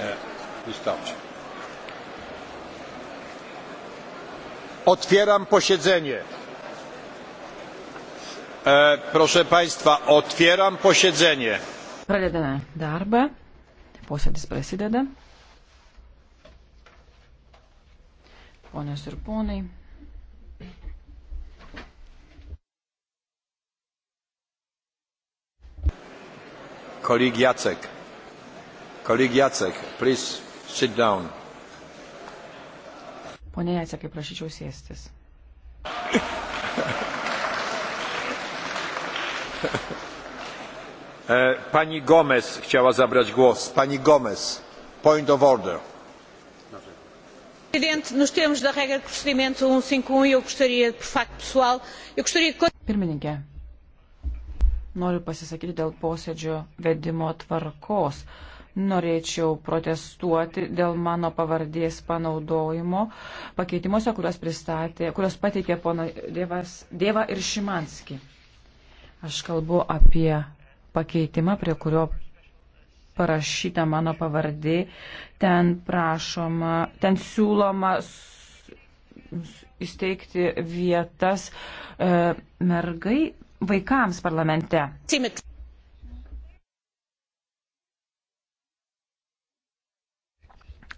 E, wystarczy. Otwieram posiedzenie. E, proszę Państwa, otwieram posiedzenie. Pradedame darbą. Posėdis prasideda. Ponios ir ponai, colleague Jacek. Colleague Jacek, please sit down. Pone Jacekai, prašyčiau sėstis. E, pani Gomez chciała zabrać głos. Pani Gomez, point of order. Presidente, nos termos da regra de procedimento 151, um um, eu gostaria, por facto pessoal, eu gostaria... Pirmininkė, noriu pasisakyti dėl posėdžio vedimo tvarkos norėčiau protestuoti dėl mano pavardės panaudojimo pakeitimuose, kurios, pristatė, kurios pateikė pono Dievas, Dieva ir Šimanski. Aš kalbu apie pakeitimą, prie kurio parašyta mano pavardė. Ten prašoma, ten siūloma įsteigti vietas e, mergai vaikams parlamente. Timit.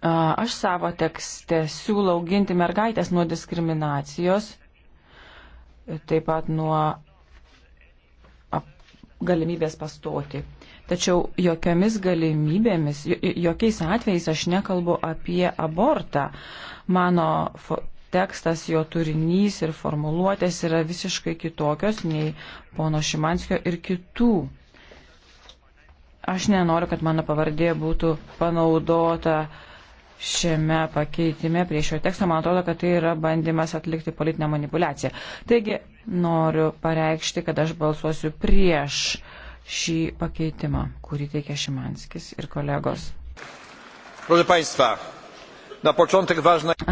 Aš savo tekste siūlau ginti mergaitės nuo diskriminacijos, taip pat nuo galimybės pastoti. Tačiau jokiamis galimybėmis, jokiais atvejais aš nekalbu apie abortą. Mano tekstas, jo turinys ir formuluotės yra visiškai kitokios nei pono Šimanskio ir kitų. Aš nenoriu, kad mano pavardė būtų panaudota uh, šiame pakeitime prie šio teksto, man atrodo, kad tai yra bandymas atlikti politinę manipulaciją. Taigi noriu pareikšti, kad aš balsuosiu prieš šį pakeitimą, kurį teikia Šimanskis ir kolegos.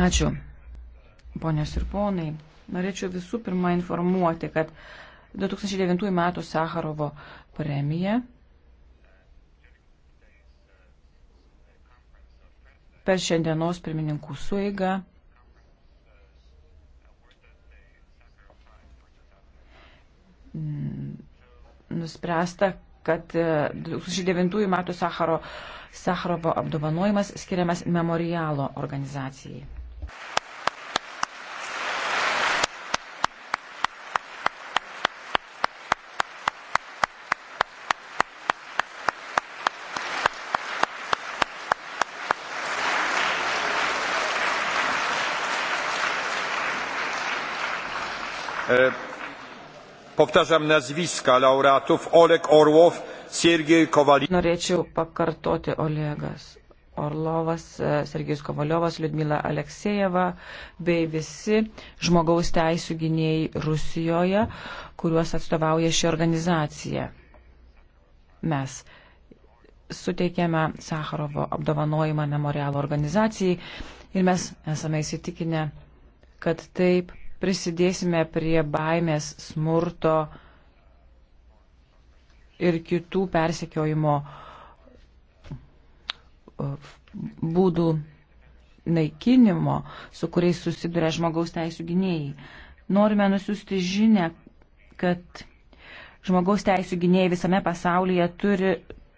Ačiū. Ponios ir ponai, norėčiau visų pirma informuoti, kad 2009 m. Sakarovo premija per šiandienos pirmininkų suėgą. Nuspręsta, kad 2009 e, metų Sacharo, Sacharovo apdovanojimas skiriamas memorialo organizacijai. E, powtarzam nazwiska laureatów Oleg Orłow, Sergej Kovalyov. Norėčiau pakartoti Olegas Orlovas, e, Sergejus Kovaliovas, Liudmila Aleksejeva bei visi žmogaus teisų gynėjai Rusijoje, kuriuos atstovauja ši organizacija. Mes suteikėme Sakarovo apdovanojimą memorialo organizacijai ir mes esame įsitikinę, kad taip prisidėsime prie baimės, smurto ir kitų persekiojimo e, būdų naikinimo, su kuriais susiduria žmogaus teisų gynėjai. Norime nusiųsti žinę, kad žmogaus teisų gynėjai visame pasaulyje turi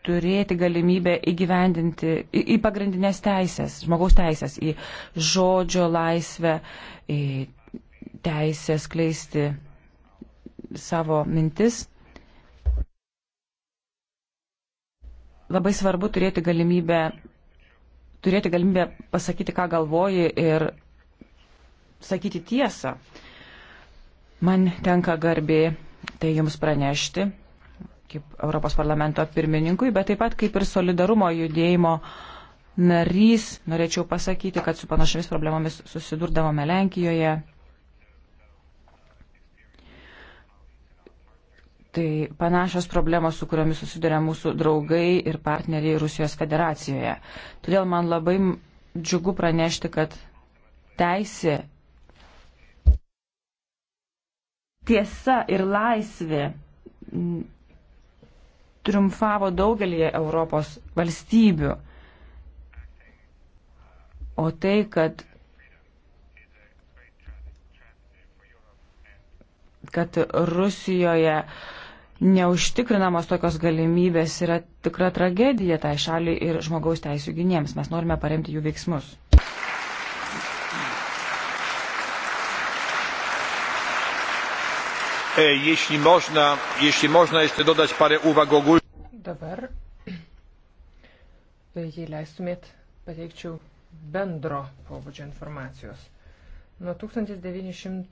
turėti galimybę įgyvendinti į, į pagrindinės teisės, žmogaus teisės, į žodžio laisvę, į teisę skleisti savo mintis. Labai svarbu turėti galimybę, turėti galimybę pasakyti, ką galvoji ir sakyti tiesą. Man tenka garbė tai jums pranešti kaip Europos parlamento pirmininkui, bet taip pat kaip ir solidarumo judėjimo narys, norėčiau pasakyti, kad su panašiamis problemomis susidurdavome Lenkijoje, Tai panašios problemos, su kuriomis susiduria mūsų draugai ir partneriai Rusijos federacijoje. Todėl man labai džiugu pranešti, kad teisė, tiesa ir laisvė triumfavo daugelį Europos valstybių. O tai, kad, kad Rusijoje uh, neužtikrinamos tokios galimybės yra tikra tragedija tai šaliai ir žmogaus teisų gynėjams. Mes norime paremti jų veiksmus. E, jeśli można, jeśli można jeszcze dodać parę uwag ogólnych. Dabar, e, jei leistumėt, pateikčiau bendro pobūdžio informacijos nuo 1989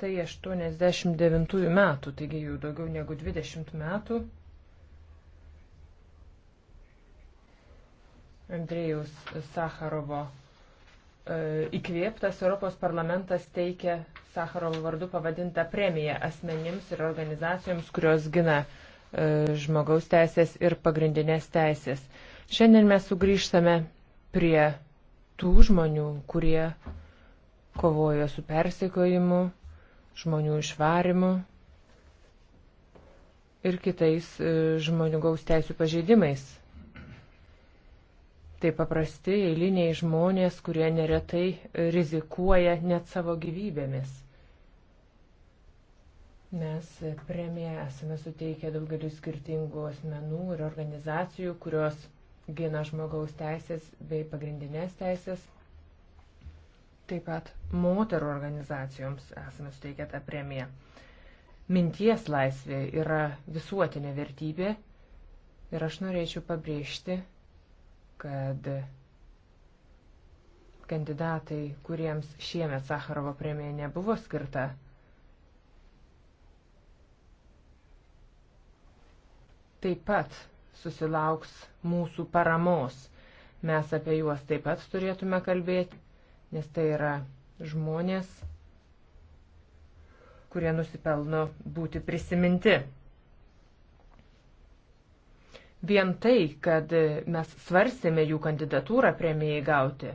metų, taigi jau daugiau negu 20 metų, Andrėjaus Sakarovo e, įkvėptas Europos parlamentas teikia Sakarovo vardu pavadintą premiją asmenims ir organizacijoms, kurios gina e, žmogaus teisės ir pagrindinės teisės. Šiandien mes sugrįžtame prie tų žmonių, kurie kovojo su persekiojimu, žmonių išvarimu ir kitais e, žmonių gaus teisų pažeidimais. Tai paprasti eiliniai žmonės, kurie neretai rizikuoja net savo gyvybėmis. Mes premiją esame suteikę daugeliu skirtingų asmenų ir organizacijų, kurios gina žmogaus teisės bei pagrindinės teisės Taip pat moterų organizacijoms esame suteikę tą premiją. Minties laisvė yra visuotinė vertybė ir aš norėčiau pabrėžti, kad kandidatai, kuriems šiemet Sakarovo premija nebuvo skirta, taip pat susilauks mūsų paramos. Mes apie juos taip pat turėtume kalbėti nes tai yra žmonės, kurie nusipelno būti prisiminti. Vien tai, kad mes svarstėme jų kandidatūrą premijai gauti,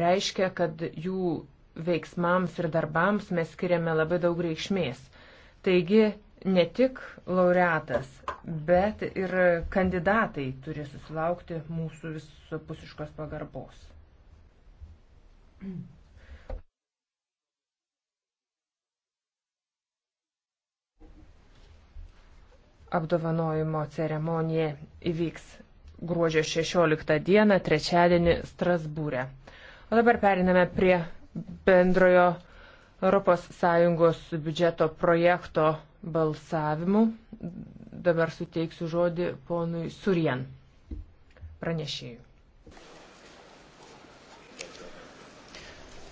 reiškia, kad jų veiksmams ir darbams mes skiriame labai daug reikšmės. Taigi ne tik laureatas, bet ir kandidatai turi susilaukti mūsų visapusiškos pagarbos. Apdovanojimo ceremonija įvyks gruodžio 16 dieną, trečiadienį Strasbūrė. O dabar periname prie bendrojo ES biudžeto projekto balsavimų. Dabar suteiksiu žodį ponui Surien, pranešėjui.